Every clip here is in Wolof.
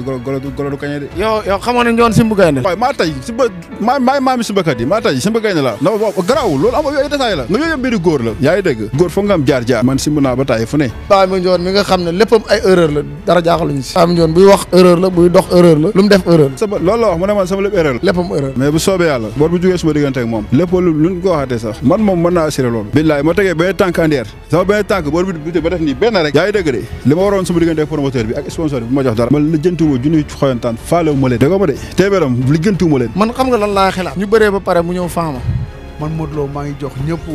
de golo golo golo du kañe de. yow yow xamoon nañu woon Simbu Gaynde. waaw maa tay Simba maa maa maami Simbakat yi maa tay Simba Gaynde la na garaaw loolu am ay détail la nga yooyu yëpp mbiri góor la am jaar jaar nga xam ne léppam ay erreur la dara jaaxaluñu si Baye Mandione buy wax erreur la buy dox erreur la lu mu def erreur loolu la mu ne sax man moom mën naa assuré loolu billaay ma tegee benn tànk andeer sama benn tànk bor bi ba def nii benn rek yaa ngi de li ma waroon suma diggante ak bi ak sponsor bi ma jox dara woo junniy xoyantaan faalewu ma leen dégg ma de teebeeram li gëntuuma man xam nga lan laa xalaat ñu bëree ba pare mu ñëw faama man Modou maa ngi jox ñëpp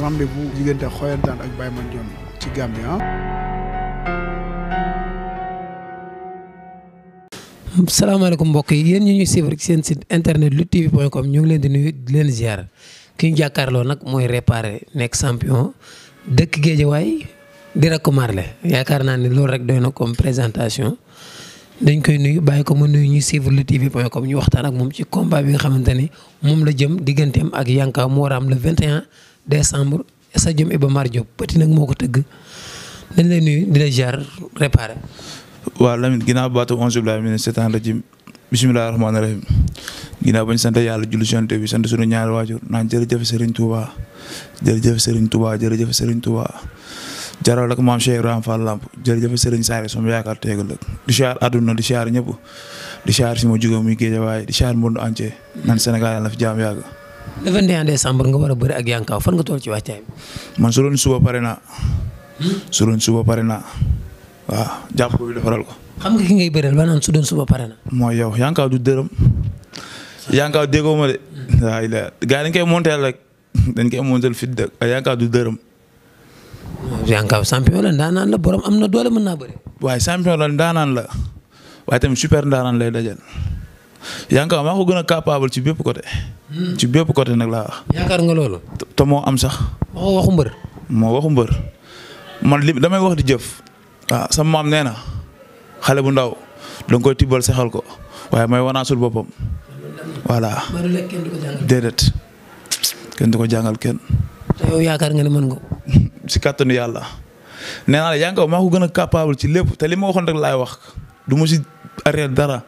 rendez-vous diggante xoyantaan ak Baye Mandione ci Gambie ah mbokk yi yéen ñu ñuy suivre ci seen site internet comme ñu ngi leen di nuyu di leen ziar ki ñu jàkkaarloo nag mooy réparé nekk champion dëkk Géejawaay di recommandé yaakaar naa ni loolu rek doy na comme présentation dañ koy nuyu bàyyi ko mu nuyu ñuy suivre Lutte TV point com ñu waxtaan ak moom ci combat bi nga xamante moom la jëm digganteem ak Yanka mu war a am le 21 décembre sa jëm Iba Mar Diop petit nag moo ko tëgg dañ lay nuy di la jaar réparé. waaw Lamine ginnaaw baatu onze bilaay mi ne seetaan rajim bisimilah rahmaani rahim ginnaaw bañ sant yàlla julli sant bi sant sunu ñaari waajur naan jërëjëf Serigne Touba jërëjëf Serigne Touba jërëjëf Serigne Touba. jaral ak maam Cheikh Ibrahima Fall Lamp jërëjëf Serigne Saare sama yaakaar teegal la di siyaar àdduna di siyaar ñëpp di siyaar si ma jóge muy Géejawaay nga war a bëri ak Yankaw fan nga toll ci waxtaan bi. man su doon suba pare naa. Hmm? su doon suba pare naa waaw jàpp ko bi defaral ko. xam nga ki ngay ba naan su mooy yow Yankaw du dërëm. Yankaw déggoo ma de. waaye hmm. la gars dañ koy rek dañ koy monté fit de Yankaw du dërëm. Yankaw champion la ndaanaan la borom am na doole mën naa bëri. waaye champion la ndaanaan la waaye tamit super ndaanaan lay dajal Yankaw maa ko gën a capable ci bépp côté. Hmm. ci bépp côté am sax. waxoo waxu moo waxu mbër man li damay wax di jëf. waaw ah, sama maam nee xale bu ndaw danga koy tibbal sexal ko waaye mooy wanaasul boppam. voilà déedéet kenn du jàngal kenn. te yow yaakaar nga ne mën nga si kàttanu yàlla nee naa la yaa ngi ko ko gën a capable ci lépp te li ma waxoon rek laay wax du ma si arrêté dara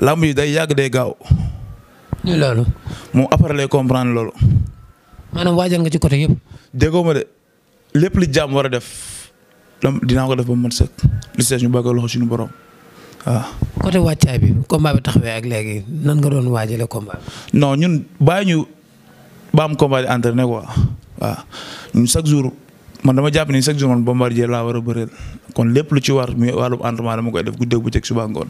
làmb yi day yàgg day gaaw. ñu loolu. moom après lay comprendre loolu. maanaam waajal nga ci côté yëpp. déggoo ma de lépp li jàmm war a def dina ko def ba mu mën sëkk li sees ñu bëgg loxo suñu borom waaw. côté wàccaay bi combat tax taxawee ak léegi nan nga doon waajalee combat. non ñun bàyyi ñu ba am combat di entraîné quoi. waaw ñun chaque jour man dama jàpp ni chaque jour man bombardier laa war a bëreel kon lépp lu ci war muy wàllu entraînement dama koy def guddeeg bëccëg suba ngoon.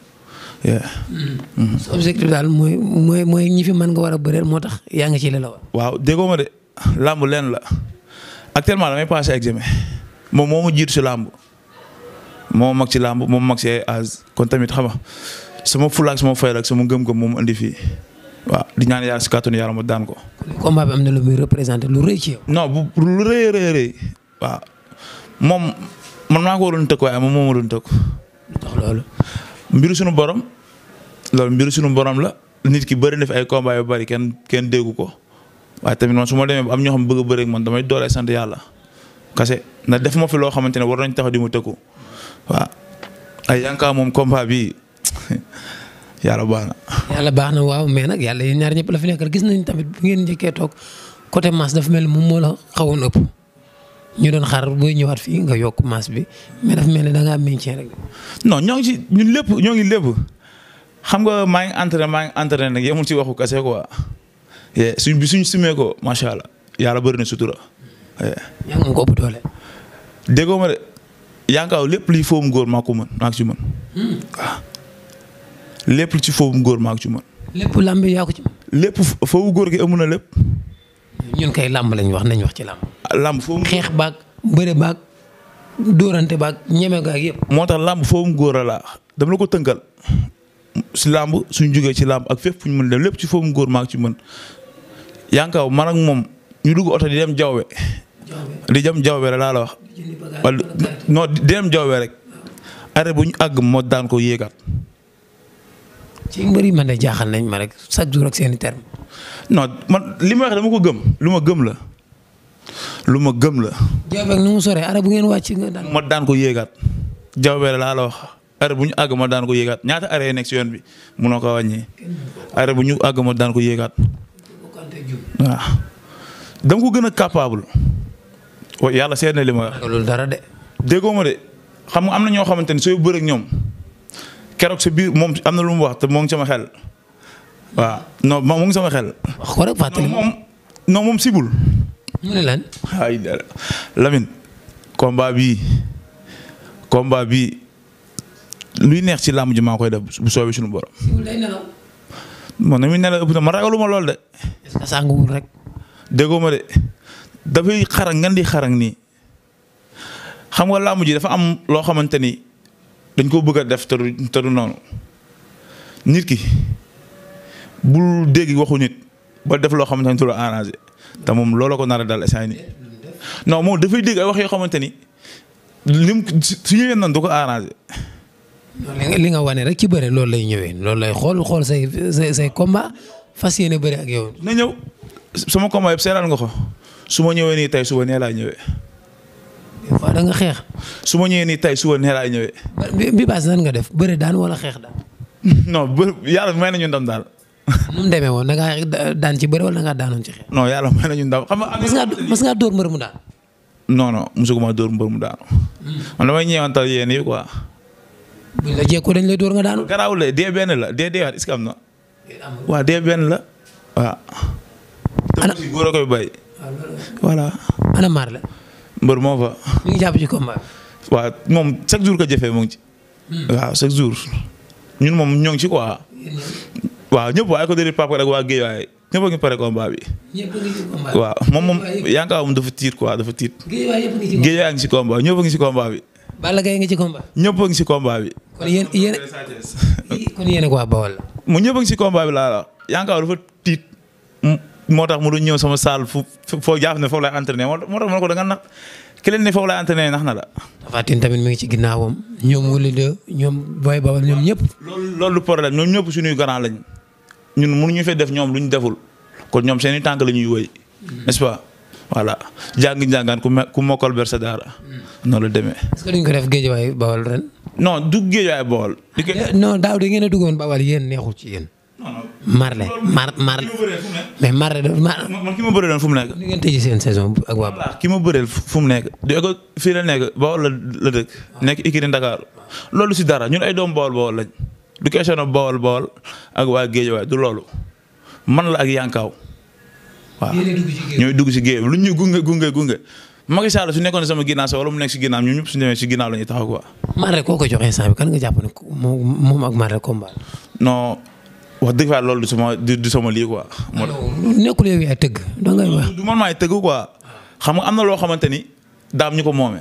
Hmm. Hmm. sa objectif daal mooy mooy mooy ñi fi mën nga war a bëreel moo tax yaa ngi ci la war. waaw déggoo ma de làmb leen la actuellement damay passé examen moom moo ma jiitu si làmb moo mag ci làmb moom mag si ay kon tamit xam nga sama fulaak sama fayal ak sama gëm-gëm moom indi fii. waaw di ñaan yàlla si kàttanu yàlla mu daan ko. na lu muy représenté lu rëy ci yow. non bu lu rëy rëy rëy moom man maa ko waroon waaye moom moo ma doon tëkk. mbiru sunu borom loolu mbiru sunu borom la nit ki bëri na fi ay combat yu bëri kenn kenn déggu ko waaye tamit man su demee ba am ñoo xam bëgg a bëri ak man damay doole sant yàlla kase na def ma fi loo xamante ne war nañ tax di mu tëkku waaw ay yankaa moom combat bi yàlla baax yàlla baax na waaw mais nag yàlla yéen ñaar ñëpp la fi nekkal gis nañ tamit bu ngeen njëkkee toog côté masse dafa mel ni moom moo la xawoon ëpp ñu doon xaar booy ñëwaat fii nga yokk masse bi dafa mel ni da ngaa maintien rek. non ñoo ngi ci ñun lépp ñoo ngi lépp xam nga maa ngi entraîné maa ngi entraîné nag yemul ci waxu kese quoi eh, suñ bi suñ sumee ko macha allah yàlla bëri na sutura. Eh. yaa ngi ko ëpp doole. déggoo ma de góor maa ko mën maa ko ci mën hmm. lépp ci foofu góor maa ko ci mën. lépp làmb yaa ko ci. lépp foofu góor gi amu na lépp. ñun kay làmb lañ wax nañ wax ci làmb. Ah, làmb foofu xeex baag bëre baag dóorante baag ñeme gaag yëpp. moo tax làmb foofu góor a laa la ko tënkal si làmb suñ jógee ci làmb ak fépp fu ñu mën lépp ci foofu góor maa ko ci mën yankaaw marak moom ñu dugg oto di dem jawwe di dem jawwe rek laa la wax. wala non rek. Ah. arrêt bu ñu àgg moo daan ko yéegaat. ci mbëri man de jaaxal nañ ma rek chaque jour ak seeni terme non man li ma ko gëm lu ma gëm la lu ma gëm la. jawbe nu mu soree ara bu ngeen wàcc nga daan. ma daan ko yéegaat jawbe laa la wax ara bu ñu àgg ma daan ko yéegaat ñaata aree nekk si yoon bi munoo ko wàññi ara bu ñu àgg ma daan ko yéegaat. waaw dama ko gën a capable. yàlla seet na li loolu dara de. déggoo ma de xam nga am na ñoo xamante ni sooy bëreeg ñoom. keroog si biir moom am na lu mu wax te moo ngi sama xel waaw moom sibul. mu ne lan. ay dara Lamine. bii luy neex ci làmb ji maa koy def bu soobee suñu borom. moom muy nelaw ëpp na ma ragaluma lool de. est-ce de dafay xarang ngeen di nii xam nga làmb dafa am loo xamante ni. dañ ko bëgg a def te du te noonu nit ki bul dégg waxu nit ba def loo xamante ni du te moom loola ko nar a dal instant nii non moom dafay dégg ay wax yoo xamante ni lim su ñëwee nan du ko li nga wane rek ci bëre loolu lay ñëwee loolu lay xool xool say say say fas yéene bëri ak yow. na ñëw suma combat yëpp seetaan nga ko su ma ñëwee nii tey suba nee laa ñëwee. des fois nga xeex. su ma ñëwee nii tey suba nee laay ñëwee. bi bi def bëri daan wala xeex daan. non bë yàlla may nañu ndam daal. nu mu demee na da daan ci bëri wala da ngaa daanoon ci xeex. non yàlla may nañu ndam xam nga. mas dóor mbër mu daan. non non mosuguma dóor mbër mu daan. Hmm. man damay ñeewantal yéen yi quoi. buñ la jékkoon dañ lay dóor nga daanu. garaawul la dee benn la dee deewaat est-ce que am na. waaw dee benn la waaw. ana góor a la. mbër moo fa. mi ngi jàpp ci combat waaw moom chaque jour ko jëfee mu ngi ci. Hmm. waaw chaque jour ñun moom ñoo ngi ci quoi. waa Guèye a a ngi ci waaw moom moom yaakaar moom dafa tiit quoi dafa tiit. ngi ci combat Guèye waaye ngi ci combat ñëpp a ngi ci mu ñëpp a ngi ci combat bi laa la tiit moo tax mu doon ñëw sama salle fu foo jaaf na foofu laay entraîné moo tax ma ne ko da nga nax ki leen ne foofu laay entraîné nax na la. Tapha Tine tamit mi ngi ci ginnaawam ñoom Wouly 2 ñoom Boy Baol ñëpp. loolu loolu problème ñoom ñëpp suñuy grand lañ ñun mënuñu fee def ñoom luñ deful kon ñoom seen i tànk la ñuy woy n'est-ce pas. voilà jàngi jàngaan ku ku mokkal ber sa daara. Hmm. noonu la demee. est que duñ ko def géej waay Baol ren. non du géej waay Baol. non daaw da ngeen a duggoon Baol yéen neexul ci yéen. Marley Mar Mar mais Marley de Mar. man ki ma bëree doon fu mu nekk. ni ngeen tëjee seen saison ak waa Ba. fu mu nekk di ko fii la nekk Bawol la la dëkk. nekk Ikiri Dakar loolu si dara ñun ay bool Bawol Bawol lañ du question of Bawol Bawol ak waa Géejawaay du loolu man la ak Yankaaw. waaw ñooy dugg si géej lu ñu gunge gunge gunge. Macky Sall su nekkoon sama ginnaaw sa wala mu nekk si ginnaaw ñun ñëpp su ñu demee si ginnaaw la ñuy taxaw quoi. Marley koo ko jox instant bi kan nga jàpp ne moom ak Marley combat. non. wax dëgg fa loolu du sama du sama lii quoi. moo tax nekkul yow yaay tëgg da ngay wax. du man maay tëgg quoi xam nga am na loo xamante ni daam ñu ko moome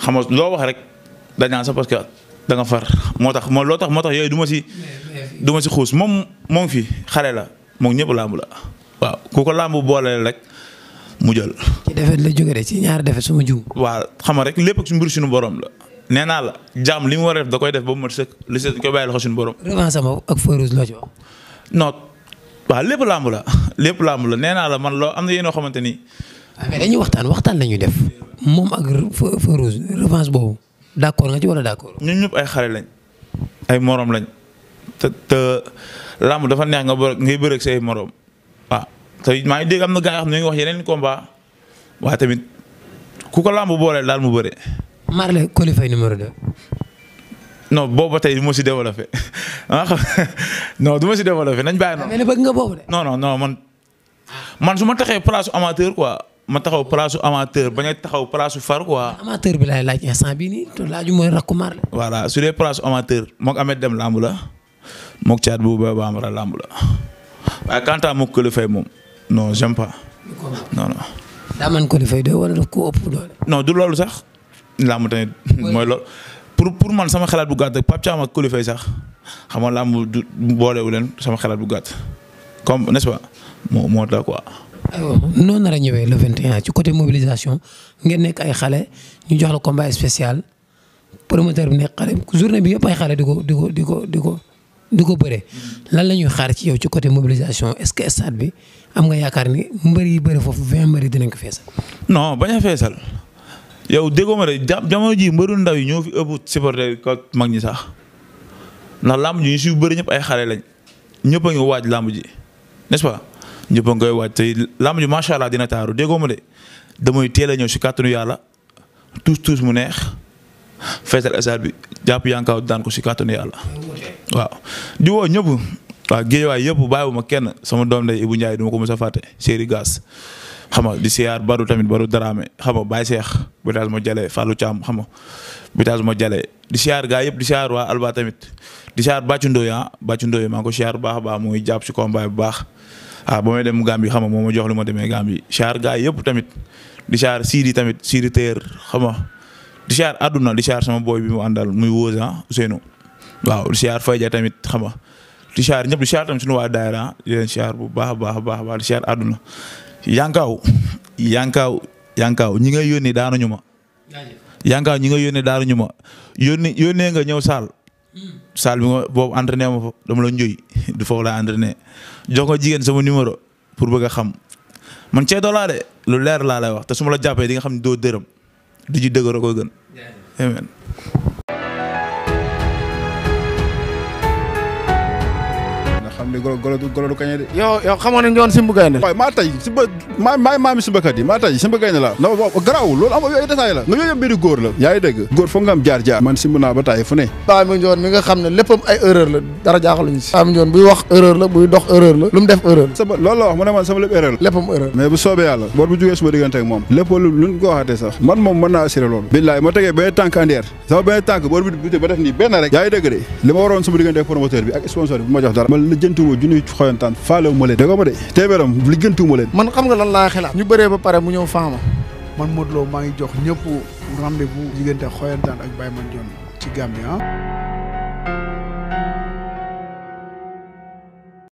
xam nga loo wax rek dañ naan sax parce far moo tax moo loo tax moo tax yooyu duma si. du si xuus moom moo ngi fi xale la moom ñëpp làmb la. waaw ku ko làmb booleel rek mu jël. ci defet la jóge de ci ñaar defet suma jiw. waa xam rek lépp ak mbir suñu borom la. nee naa la jàmm li mu war a def da koy def ba mu mën sëkk li si koy bàyyi loxo suñu borom. revanche am ak feu rouge loo ci wax. non waaw lépp làmb la lépp làmb la nee naa la man loo am na yenn yoo xamante ni. Ah, mais waxtaan waxtaan la def moom ak feu rouge boobu d' accord nga ci wala d' accord. ñun ñëpp ay xale ay morom lañ te te làmb dafa neex nga bë ngay bëreeg say morom waaw maa ngi dégg am na gaa yoo xam ne ñu wax yeneen combat waaye tamit ku ko làmb boole daal mu bëre. Marley Coly Faye de 2. non ba tey du ma si développé ah non du ma si développé nañ bàyyi noonu. mais bëgg nga boobu de. non non man su ma taxee place amateur quoi ma taxaw place amateur bañ a taxaw place far quoi. amateur bi laay laaj instant bii nii te laaju mooy rakku Marley. voilà su dee place amateur moog Ameth Deme lamb la moog caat bu ba Amara lamb la waaye moog Coly moom non j'aime pas non non. daa man Coly Faye wala daf ko ëpp doole. non du loolu sax. làmb tamit mooy loolu pour man sama xalaat bu gàtt ak Pape Thiam ak Coly Faye sax xam nga làmb du boolewu leen sama xelaat bu gàtt comme n'est-ce pas moo moo tax quoi. noon nar a ñëwee le 21 ci côté mobilisation ngeen nekk ay xale ñu jox la combat spécial promoteur bi nekk xale journée bi yëpp ay xale di ko di ko di ko di ko di ko bëre. lan la ñuy xaar ci yow ci côté mobilisation est-ce que stade bi am nga yaakaar ni mbër yi bëri foofu 20 mbër yi dinañ ko feesal. non bañ feesal. yow déggoo ma de jamono ji mbëru ndaw yi ñoo fi ëpp supporter ko mag ñi sax ndax làmb ji ñu si bëri ñëpp ay xale lañ ñëpp a ngi waaj làmb ji n'est-ce pas ñëpp a koy waaj te làmb ji macha allah dina taaru déggoo ma de damay teel a ñëw si kàttanu yàlla tuus tuus mu neex feetal esaat bi jàpp yankaaw daan ko si kàttanu yàlla waaw di woo ñëpp waaw géej waay yëpp bàyyiwuma kenn sama doom day Ibou Ndiaye du ma ko mos a fàtte chéri gas xam nga di siyaar baru tamit baru daraame xam nga Baye Seex bitaas ma jale Fallou Thiam xam nga bitaas ma jale di siyaar gaa yëpp di siyaar waa Alba tamit di siyaar Bàccu Ndoye ah ko siyaar baax baax mooy jàpp si combat bu baax ah ba may dem Gambie xam nga moo ma jox lu ma demee Gambie siyaar gaa yëpp tamit di siyaar Sidi tamit Sidi Teer xam nga di siyaar àdduna di siyaar sama boy bi mu àndal muy wóos ah Ousseynou waaw di siyaar Faye tamit xam nga di siyaar ñëpp di siyaar tamit suñu waa daayira ah, bu baax a baax a baax di siyaar àdduna yankaaw yankaaw yankaaw ñi ngay yónni daanuñu ma. yankaaw ñi nga yónnee daanuñu ma yónni yónnee nga ñëw saal. saal bi ma boobu entraîné ma fa dama la njoy du foofu laa entraîné jox ko jigéen sama numéro pour bëgg a xam man ceetoo laa de lu leer laa lay wax te su ma la jàppee di nga xam ne doo dërëm di ji dëgër ko gën. amiin xam ne golo golo du golo du kañe de. yow yow xamoon nañu woon Gaynde. waaye maa tay Simba maa maa maam Gaynde laa. non waaw garaaw loolu am ay détails la. nga yooyu yëpp mbiri góor la. yaa ngi góor foog nga jaar jaar. man Simba naa ba tay fu ne. Baye Mandione mi nga xam ne léppam ay erreur la dara jaaxaluñu si. buy wax erreur la buy dox erreur la. lu mu def erreur loolu la mu ne man sax man moom mën naa assuré loolu. billaay ma tegee benn tànk andeer sama benn tànk ba def nii benn suma diggante lijjantiwuma junniy xoyantaan faalewu ma leen dégg nga ma de téeméeram lijjantiwuma leen man xam nga lan laa xelaat ñu bëree ba pare mu ñëw faama man Modou Lo maa ngi jox ñëpp rendez-vous diggante xoyantaan ak Baye Mandione ci Gambie ah